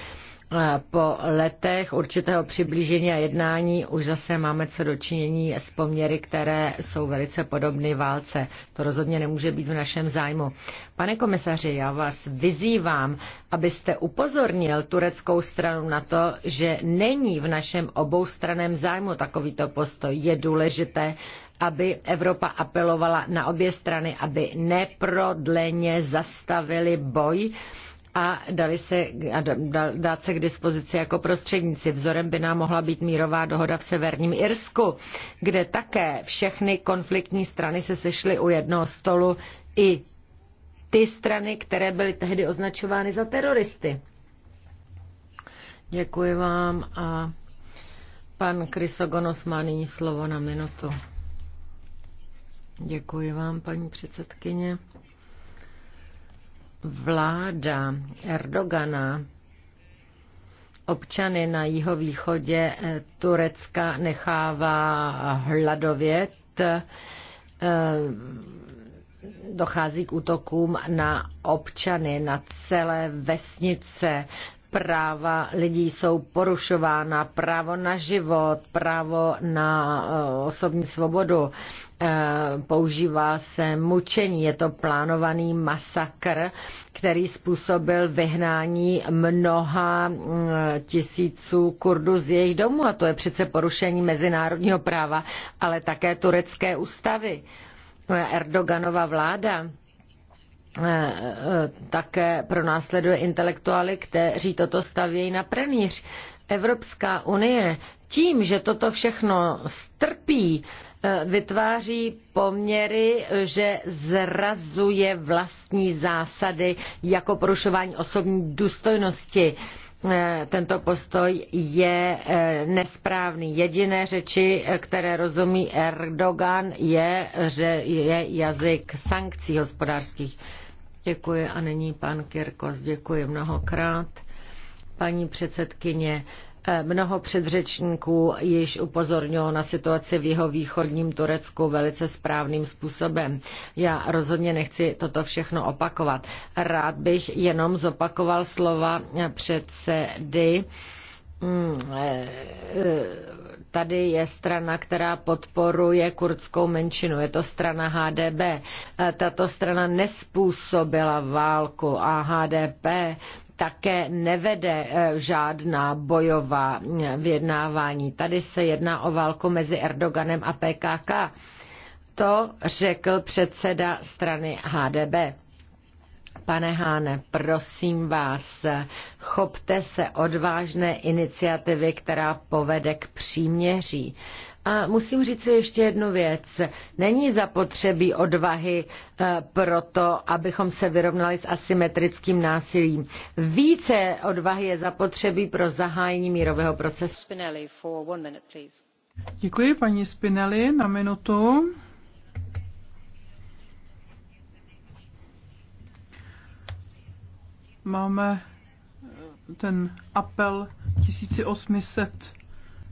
Eh, po letech určitého přiblížení a jednání už zase máme co dočinění s poměry, které jsou velice podobné válce. To rozhodně nemůže být v našem zájmu. Pane komisaři, já vás vyzývám, abyste upozornil tureckou stranu na to, že není v našem oboustraném zájmu takovýto postoj. Je důležité, aby Evropa apelovala na obě strany, aby neprodleně zastavili boj a dali se, a dát se k dispozici jako prostředníci. Vzorem by nám mohla být mírová dohoda v severním Irsku, kde také všechny konfliktní strany se sešly u jednoho stolu i ty strany, které byly tehdy označovány za teroristy. Děkuji vám a pan Krysogonos má nyní slovo na minutu. Děkuji vám, paní předsedkyně vláda Erdogana občany na jihovýchodě eh, Turecka nechává hladovět, eh, dochází k útokům na občany, na celé vesnice, práva lidí jsou porušována, právo na život, právo na eh, osobní svobodu. Eh, používá se mučení, je to plánovaný masakr, který způsobil vyhnání mnoha eh, tisíců Kurdů z jejich domů. A to je přece porušení mezinárodního práva, ale také turecké ústavy. Erdoganova vláda Eh, eh, také pronásleduje intelektuály, kteří toto stavějí na pranýř. Evropská unie tím, že toto všechno strpí, eh, vytváří poměry, že zrazuje vlastní zásady jako porušování osobní důstojnosti tento postoj je nesprávný. Jediné řeči, které rozumí Erdogan, je, že je jazyk sankcí hospodářských. Děkuji a nyní pan Kirkos. Děkuji mnohokrát. Paní předsedkyně, eh, Mnoho předřečníků již upozornilo na situaci v jeho východním Turecku velice správným způsobem. Já rozhodně nechci toto všechno opakovat. Rád bych jenom zopakoval slova předsedy mm, eh, eh, Tady je strana, která podporuje kurdskou menšinu. Je to strana HDB. Tato strana nespůsobila válku a HDP také nevede eh, žádná bojová eh, vyjednávání. Tady se jedná o válku mezi Erdoganem a PKK. To řekl předseda strany HDB. Pane Háne, prosím vás, chopte se odvážné iniciativy, která povede k příměří. A musím říct si ještě jednu věc. Není zapotřebí odvahy e, proto, abychom se vyrovnali s asymetrickým násilím. Více odvahy je zapotřebí pro zahájení mírového procesu. Spinelli for one minute, please. Děkuji paní Spinelli na minutu. máme eh, ten apel 1800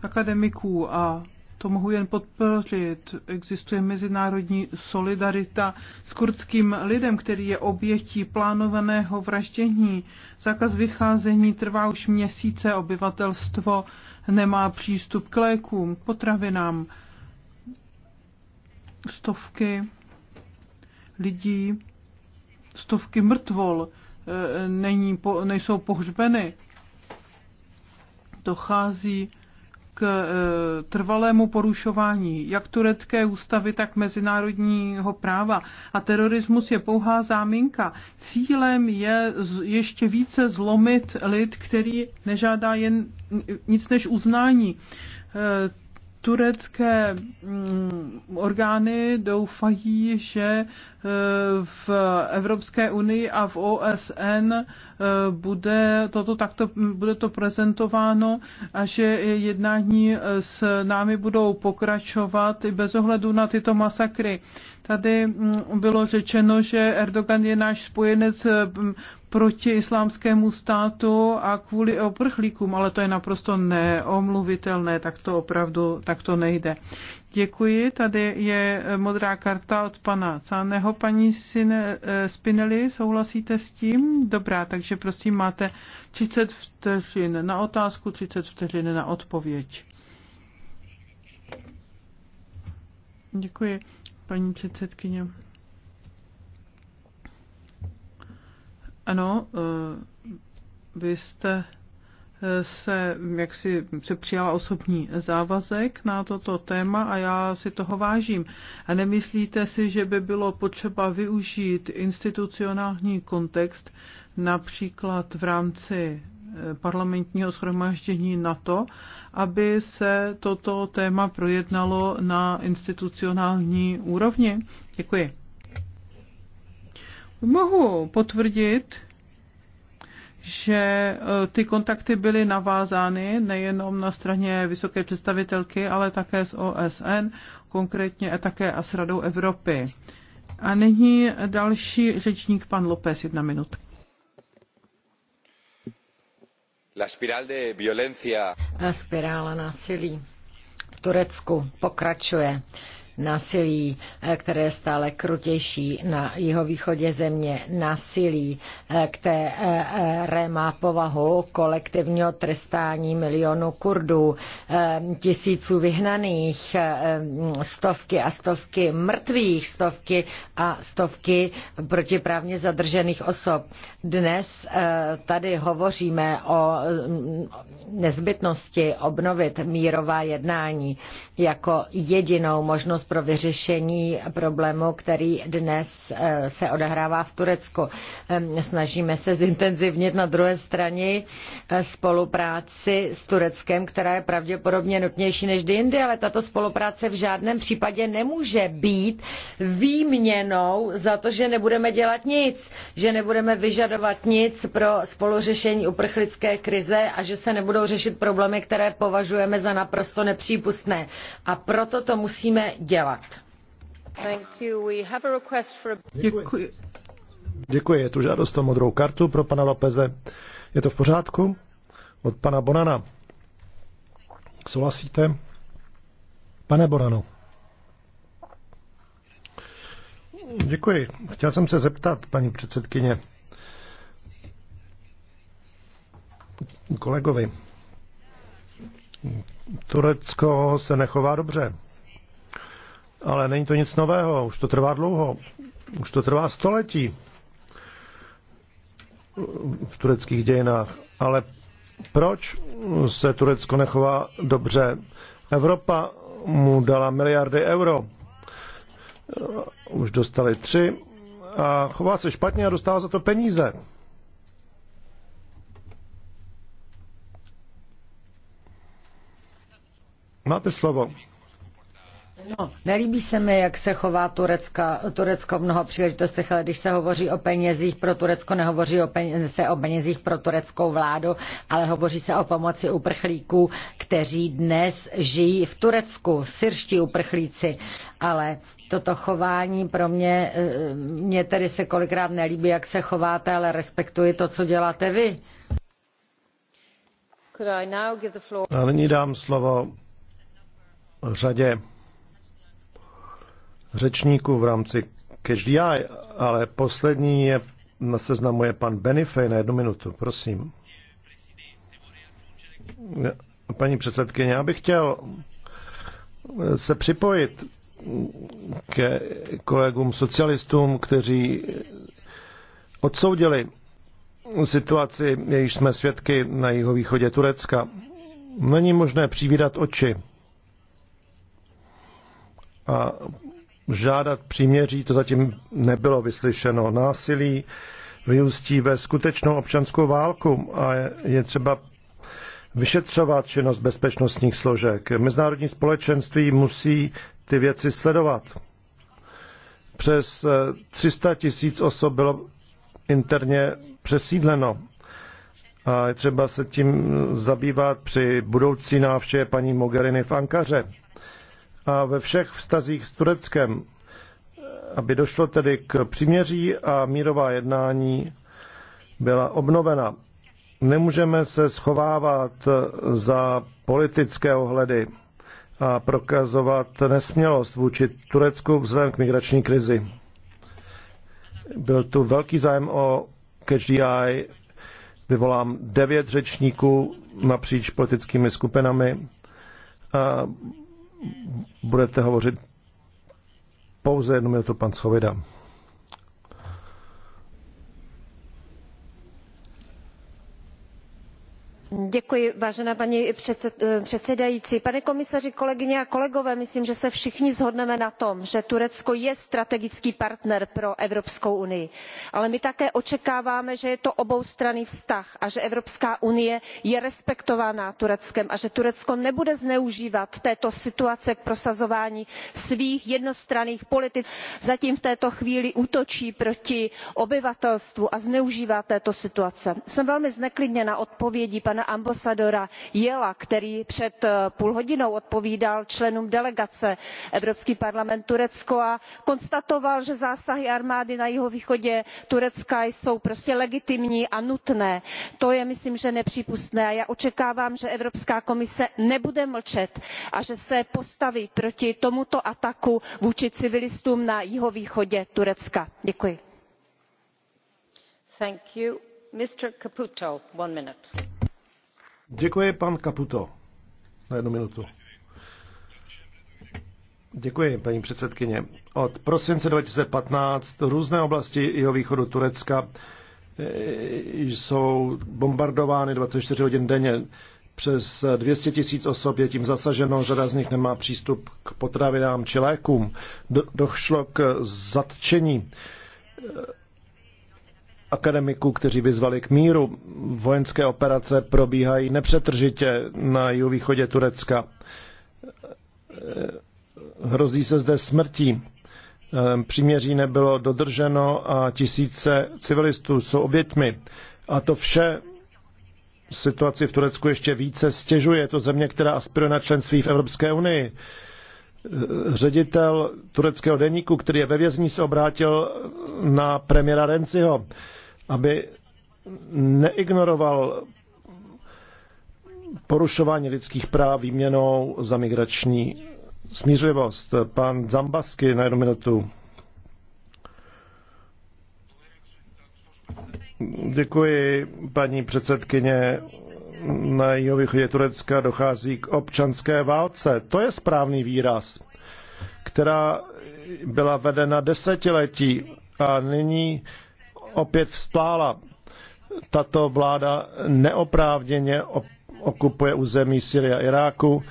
akademiků a to mohu jen podpořit. Existuje mezinárodní solidarita s kurdským lidem, který je obětí plánovaného vraždění. Zákaz vycházení trvá už měsíce, obyvatelstvo nemá přístup k lékům, k potravinám. Stovky lidí, stovky mrtvol není, nejsou pohřbeny. Dochází k e, trvalému porušování jak turecké ústavy, tak mezinárodního práva. A terorismus je pouhá záminka. Cílem je ještě více zlomit lid, který nežádá jen nic než uznání e, turecké mm, orgány doufají, že e, v Evropské unii a v OSN e, bude toto takto bude to prezentováno a že jednání e, s námi budou pokračovat i bez ohledu na tyto masakry. Tady mm, bylo řečeno, že Erdogan je náš spojenec eh, proti islámskému státu a kvůli oprchlíkům, ale to je naprosto neomluvitelné, tak to opravdu tak to nejde. Děkuji, tady je eh, modrá karta od pana Cáneho. Paní eh, Spinelli, souhlasíte s tím? Dobrá, takže prosím, máte 30 vteřin na otázku, 30 vteřin na odpověď. Děkuji paní předsedkyně. Ano, eh, vy jste eh, se jak si přijala osobní závazek na toto téma a já si toho vážím. A nemyslíte si, že by bylo potřeba využít institucionální kontext například v rámci parlamentního schromáždění na to, aby se toto téma projednalo na institucionální úrovni. Děkuji. Mohu potvrdit, že eh, ty kontakty byly navázány nejenom na straně vysoké představitelky, ale také s OSN, konkrétně a také a s Radou Evropy. A nyní další řečník, pan López, jedna minutka. Spirála násilí v Turecku pokračuje násilí, eh, které je stále krutější na jihovýchodě země, násilí, eh, eh, které má povahu kolektivního trestání milionů Kurdů, tisíců vyhnaných, stovky a stovky mrtvých, stovky a stovky protiprávně zadržených osob. Dnes tady hovoříme o mm, nezbytnosti obnovit mírová jednání jako jedinou možnost pro vyřešení problému, který dnes eh, se odehrává v Turecku. Ehm, snažíme se zintenzivnit na druhé straně eh, spolupráci s Tureckem, která je pravděpodobně nutnější než jindy, ale tato spolupráce v žádném případě nemůže být výměnou za to, že nebudeme dělat nic, že nebudeme vyžadovat nic pro spoluřešení uprchlické krize a že se nebudou řešit problémy, které považujeme za naprosto nepřípustné. A proto to musíme dělat. Děkuji. Je tu žádost o modrou kartu pro pana Lopeze. Je to v pořádku? Od pana Bonana. Souhlasíte? Pane Bonano. Děkuji. Chtěl jsem se zeptat, paní předsedkyně, kolegovi. Turecko se nechová dobře ale není to nic nového, už to trvá dlouho, už to trvá století v tureckých dějinách. Ale proč se Turecko nechová dobře? Evropa mu dala miliardy euro, už dostali tři a chová se špatně a dostává za to peníze. Máte slovo. No, nelíbí se mi, jak se chová Turecka, Turecko v mnoha příležitostech, ale když se hovoří o penězích pro Turecko, nehovoří o peněz, se o penězích pro tureckou vládu, ale hovoří se o pomoci uprchlíků, kteří dnes žijí v Turecku, syrští uprchlíci. Ale toto chování pro mě, eh, mě tedy se kolikrát nelíbí, jak se chováte, ale respektuji to, co děláte vy. A nyní dám slovo řadě řečníků v rámci CashDI, ale poslední je, na seznamu je pan Benifej na jednu minutu, prosím. Paní předsedkyně, já bych chtěl se připojit ke kolegům socialistům, kteří odsoudili situaci, jejíž jsme svědky na jihovýchodě Turecka. Není možné přivídat oči a žádat příměří, to zatím nebylo vyslyšeno. Násilí vyústí ve skutečnou občanskou válku a je třeba vyšetřovat činnost bezpečnostních složek. Mezinárodní společenství musí ty věci sledovat. Přes 300 eh, tisíc osob bylo interně přesídleno. A je třeba se tím zabývat při budoucí návštěvě paní Mogherini v Ankaře a ve všech vztazích s Tureckem, aby došlo tedy k příměří a mírová jednání byla obnovena. Nemůžeme se schovávat za politické ohledy a prokazovat nesmělost vůči Turecku vzhledem k migrační krizi. Byl tu velký zájem o KDI. vyvolám devět řečníků napříč politickými skupinami. A budete hovořit pouze jednu minutu, pan Schovida. paní eh, předsedající pane komisaři kolegyně a kolegové myslím že se všichni shodneme na tom že turecko je strategický partner pro evropskou unii ale my také očekáváme že je to oboustranný vztah a že evropská unie je respektována tureckem a že turecko nebude zneužívat této situace k prosazování svých jednostranných politických zájmů. zatím v této chvíli útočí proti obyvatelstvu a zneužívá této situace. jsem velmi zneklidněna odpovědí pana pana ambasadora jela který před eh, půl hodinou odpovídal členům delegace evropský parlament turecko a konstatoval že zásahy armády na jihovýchodě turecka jsou prostě legitimní a nutné. to je myslím že nepřípustné a já očekávám že evropská komise nebude mlčet a že se postaví proti tomuto ataku vůči civilistům na jihovýchodě turecka. děkuji. Děkuji, pan Kaputo. Na jednu minutu. Děkuji, paní předsedkyně. Od prosince 2015 různé oblasti jeho východu Turecka eh, jsou bombardovány 24 hodin denně. Přes 200 tisíc osob je tím zasaženo, řada z nich nemá přístup k potravinám či lékům. Došlo k zatčení akademiků, kteří vyzvali k míru. Vojenské operace probíhají nepřetržitě na jihovýchodě Turecka. Hrozí se zde smrtí. Ehm, příměří nebylo dodrženo a tisíce civilistů jsou oběťmi. A to vše situaci v Turecku ještě více stěžuje. Je to země, která aspiruje na členství v Evropské unii. Ehm, ředitel tureckého deníku, který je ve vězní, se obrátil na premiéra Renciho aby neignoroval porušování lidských práv výměnou za migrační smířivost. Pan Zambasky na jednu minutu. Děkuji, paní předsedkyně. Na jeho východě Turecka dochází k občanské válce. To je správný výraz, která byla vedena desetiletí a nyní opět vzplála. Tato vláda neoprávněně okupuje území Syrie a Iráku,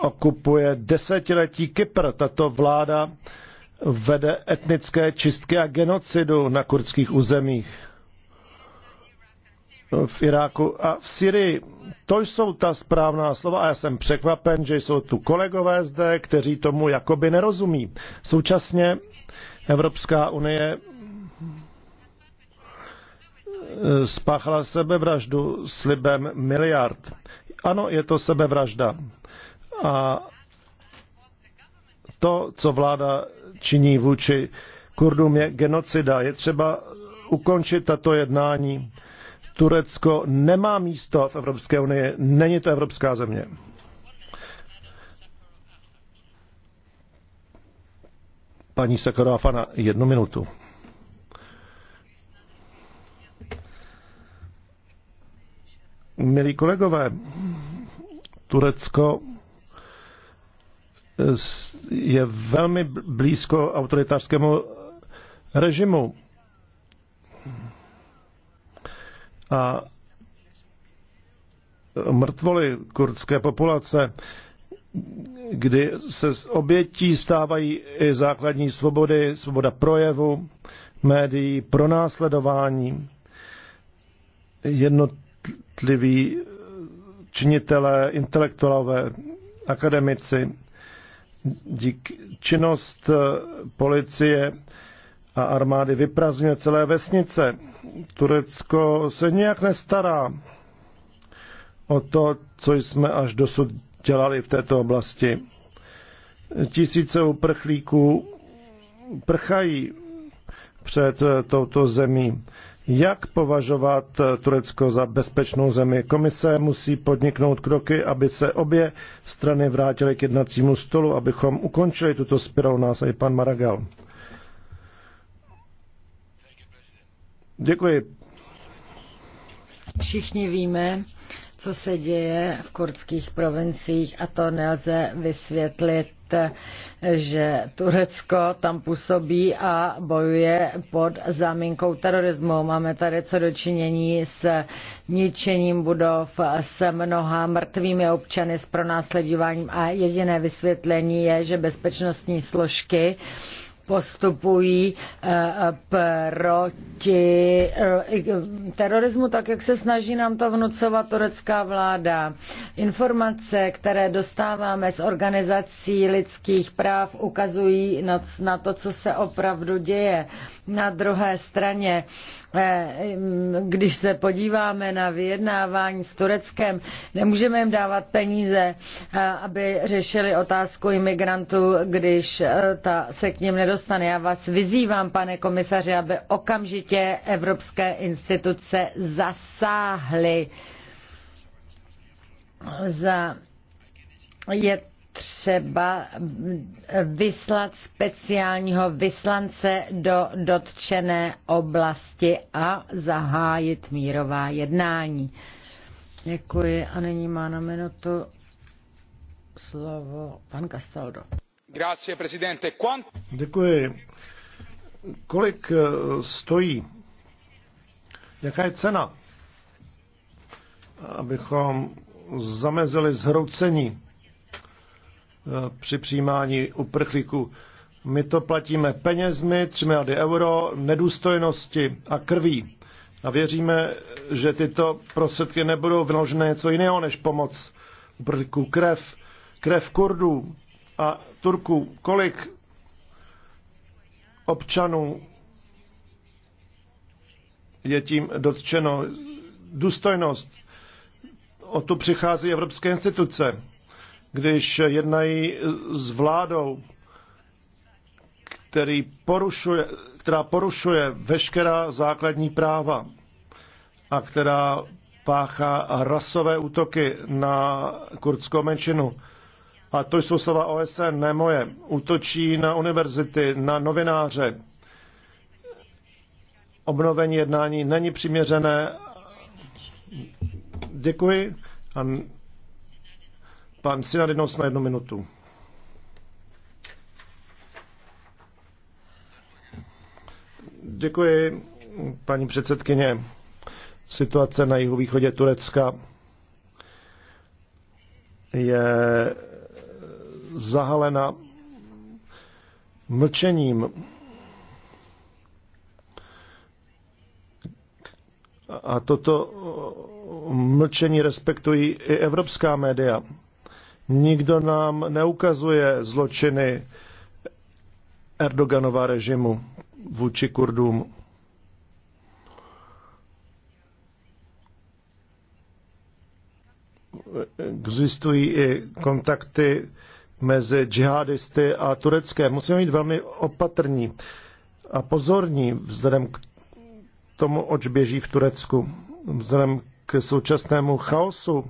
okupuje desetiletí Kypr. Tato vláda vede etnické čistky a genocidu na kurdských územích v Iráku a v Syrii. To jsou ta správná slova a já jsem překvapen, že jsou tu kolegové zde, kteří tomu jakoby nerozumí. Současně Evropská unie Eh, spáchala sebevraždu slibem miliard. Ano, je to sebevražda. A to, co vláda činí vůči Kurdům, je genocida. Je třeba ukončit tato jednání. Turecko nemá místo v Evropské unii, není to evropská země. Paní Sakoráfa jednu minutu. Milí kolegové, Turecko eh, je velmi blízko autoritářskému režimu. A mrtvoly kurdské populace, kdy se z obětí stávají i základní svobody, svoboda projevu, médií, pronásledování, jednotlivé jednotliví eh, činitelé, intelektuálové, akademici, dík činnost eh, policie a armády vyprazňuje celé vesnice. Turecko se nijak nestará o to, co jsme až dosud dělali v této oblasti. Tisíce uprchlíků prchají před eh, touto zemí jak považovat eh, Turecko za bezpečnou zemi. Komise musí podniknout kroky, aby se obě strany vrátily k jednacímu stolu, abychom ukončili tuto spirou nás i pan Maragal. Děkuji. Všichni víme, co se děje v kurdských provinciích a to nelze vysvětlit, že Turecko tam působí a bojuje pod záminkou terorismu. Máme tady co dočinění s ničením budov, s mnoha mrtvými občany, s pronásledováním a jediné vysvětlení je, že bezpečnostní složky postupují eh, proti eh, terorismu, tak jak se snaží nám to vnucovat turecká vláda. Informace, které dostáváme z organizací lidských práv, ukazují na to, co se opravdu děje. Na druhé straně Eh, když se podíváme na vyjednávání s Tureckem, nemůžeme jim dávat peníze, eh, aby řešili otázku imigrantů, když eh, ta se k ním nedostane. Já vás vyzývám, pane komisaři, aby okamžitě evropské instituce zasáhly za je třeba vyslat speciálního vyslance do dotčené oblasti a zahájit mírová jednání. Děkuji a nyní má na minutu slovo pan Castaldo. Grazie, presidente. Quant... Děkuji. Kolik eh, stojí? Jaká je cena? Abychom zamezili zhroucení Eh, při přijímání uprchlíků. My to platíme penězmi, 3 miliardy euro, nedůstojnosti a krví. A věříme, že tyto prostředky nebudou vynaložené něco jiného než pomoc uprchlíků. Krev, krev Kurdů a Turků. Kolik občanů je tím dotčeno? Důstojnost. O tu přichází evropské instituce když jednají s vládou, který porušuje, která porušuje veškerá základní práva a která páchá rasové útoky na kurdskou menšinu. A to jsou slova OSN, ne moje. Útočí na univerzity, na novináře. Obnovení jednání není přiměřené. Děkuji. A Pan Synadinos na jednu minutu. Děkuji, paní předsedkyně. Situace na jihovýchodě Turecka je zahalena mlčením. A toto mlčení respektují i evropská média. Nikdo nám neukazuje zločiny Erdoganova režimu vůči Kurdům. Existují i kontakty mezi džihadisty a turecké. Musíme být velmi opatrní a pozorní vzhledem k tomu, oč běží v Turecku, vzhledem k současnému chaosu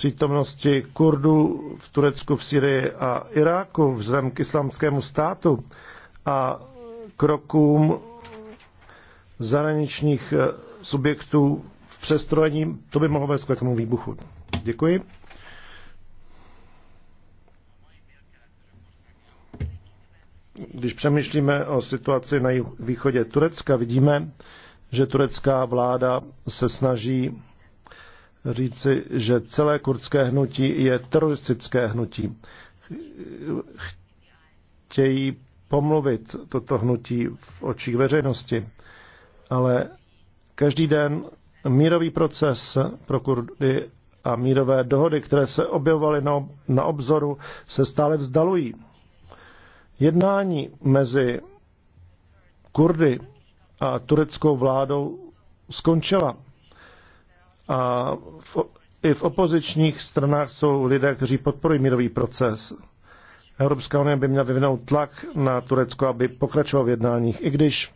přítomnosti Kurdů v Turecku, v Syrii a Iráku vzhledem k islamskému státu a krokům zahraničních eh, subjektů v přestrojení, to by mohlo vést k takovému výbuchu. Děkuji. Když přemýšlíme o situaci na východě Turecka, vidíme, že turecká vláda se snaží říci, že celé kurdské hnutí je teroristické hnutí. Chtějí pomluvit toto hnutí v očích veřejnosti, ale každý den mírový proces pro Kurdy a mírové dohody, které se objevovaly na, obzoru, se stále vzdalují. Jednání mezi Kurdy a tureckou vládou skončila. A v, i v opozičních stranách jsou lidé, kteří podporují mírový proces. Evropská unie by měla vyvinout tlak na Turecko, aby pokračoval v jednáních, i když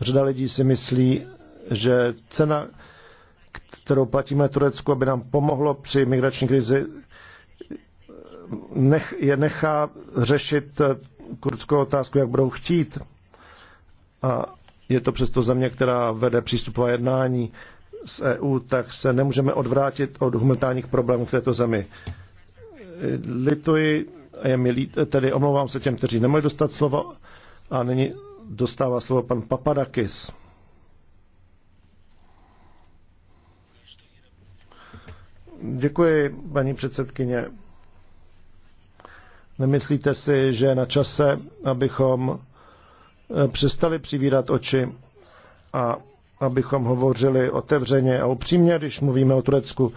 řada lidí si myslí, že cena, kterou platíme Turecku, aby nám pomohlo při migrační krizi, nech, je nechá řešit eh, kurdskou otázku, jak budou chtít. A je to přesto země, která vede přístupová jednání z EU, tak se nemůžeme odvrátit od humanitárních problémů v této zemi. Lituji, je mi tedy omlouvám se těm, kteří nemají dostat slovo a nyní dostává slovo pan Papadakis. Děkuji, paní předsedkyně. Nemyslíte si, že je na čase, abychom eh, přestali přivírat oči a abychom hovořili otevřeně a upřímně, když mluvíme o Turecku.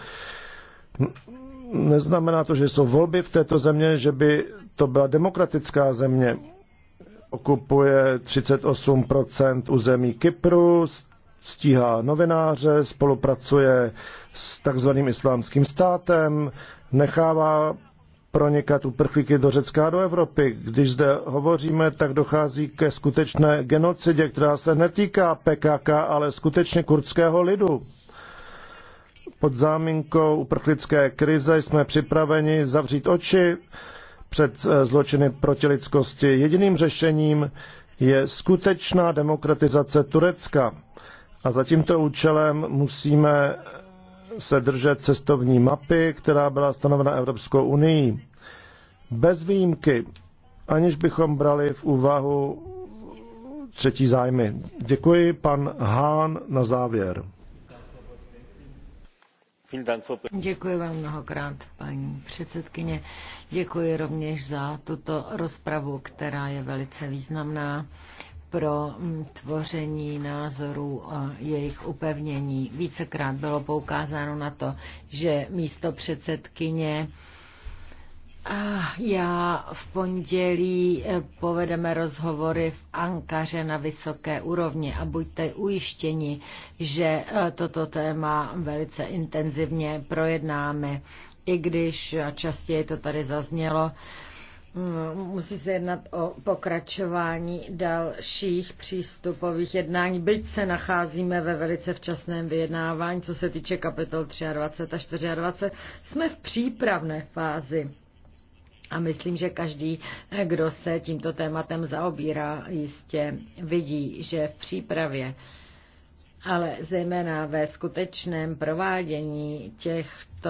Neznamená to, že jsou volby v této země, že by to byla demokratická země. Okupuje 38 území Kypru, stíhá novináře, spolupracuje s takzvaným islámským státem, nechává pronikat uprchlíky do Řecka a do Evropy. Když zde hovoříme, tak dochází ke skutečné genocidě, která se netýká PKK, ale skutečně kurdského lidu. Pod záminkou uprchlické krize jsme připraveni zavřít oči před eh, zločiny proti lidskosti. Jediným řešením je skutečná demokratizace Turecka. A za tímto účelem musíme se držet cestovní mapy, která byla stanovena Evropskou unii. Bez výjimky, aniž bychom brali v úvahu třetí zájmy. Děkuji, pan Hán, na závěr. Děkuji vám mnohokrát, paní předsedkyně. Děkuji rovněž za tuto rozpravu, která je velice významná pro mm, tvoření názorů a jejich upevnění. Vícekrát bylo poukázáno na to, že místo předsedkyně a já v pondělí eh, povedeme rozhovory v Ankaře na vysoké úrovni a buďte ujištěni, že eh, toto téma velice intenzivně projednáme, i když, a častěji to tady zaznělo, Musí se jednat o pokračování dalších přístupových jednání, byť se nacházíme ve velice včasném vyjednávání, co se týče kapitol 23 a 24. Jsme v přípravné fázi. A myslím, že každý, kdo se tímto tématem zaobírá, jistě vidí, že v přípravě ale zejména ve skutečném provádění těchto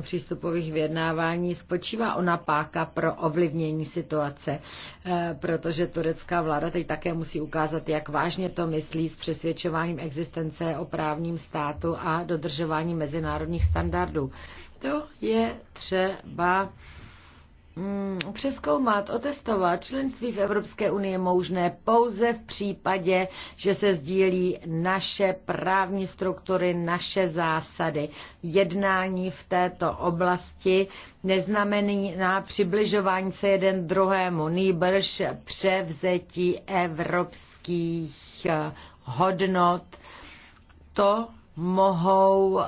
přístupových vyjednávání spočívá ona páka pro ovlivnění situace, eh, protože turecká vláda teď také musí ukázat, jak vážně to myslí s přesvědčováním existence o právním státu a dodržování mezinárodních standardů. To je třeba Mm, přeskoumat, otestovat členství v Evropské unii je možné pouze v případě, že se sdílí naše právní struktury, naše zásady. Jednání v této oblasti neznamená přibližování se jeden druhému, nýbrž převzetí evropských hodnot. To mohou,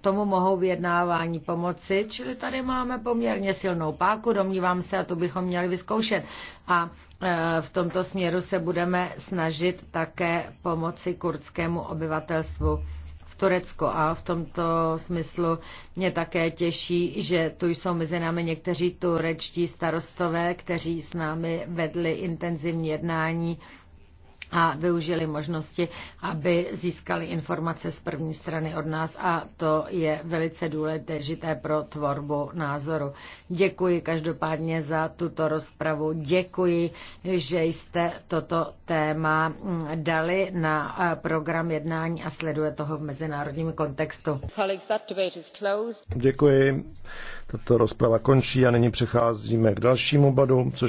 tomu mohou vyjednávání pomoci, čili tady máme poměrně silnou páku, domnívám se, a to bychom měli vyzkoušet. A e, v tomto směru se budeme snažit také pomoci kurdskému obyvatelstvu v Turecku a v tomto smyslu mě také těší, že tu jsou mezi námi někteří turečtí starostové, kteří s námi vedli intenzivní jednání a využili možnosti, aby získali informace z první strany od nás a to je velice důležité pro tvorbu názoru. Děkuji každopádně za tuto rozpravu. Děkuji, že jste toto téma dali na eh, program jednání a sleduje toho v mezinárodním kontextu. Děkuji. Tato rozprava končí a nyní přecházíme k dalšímu bodu, což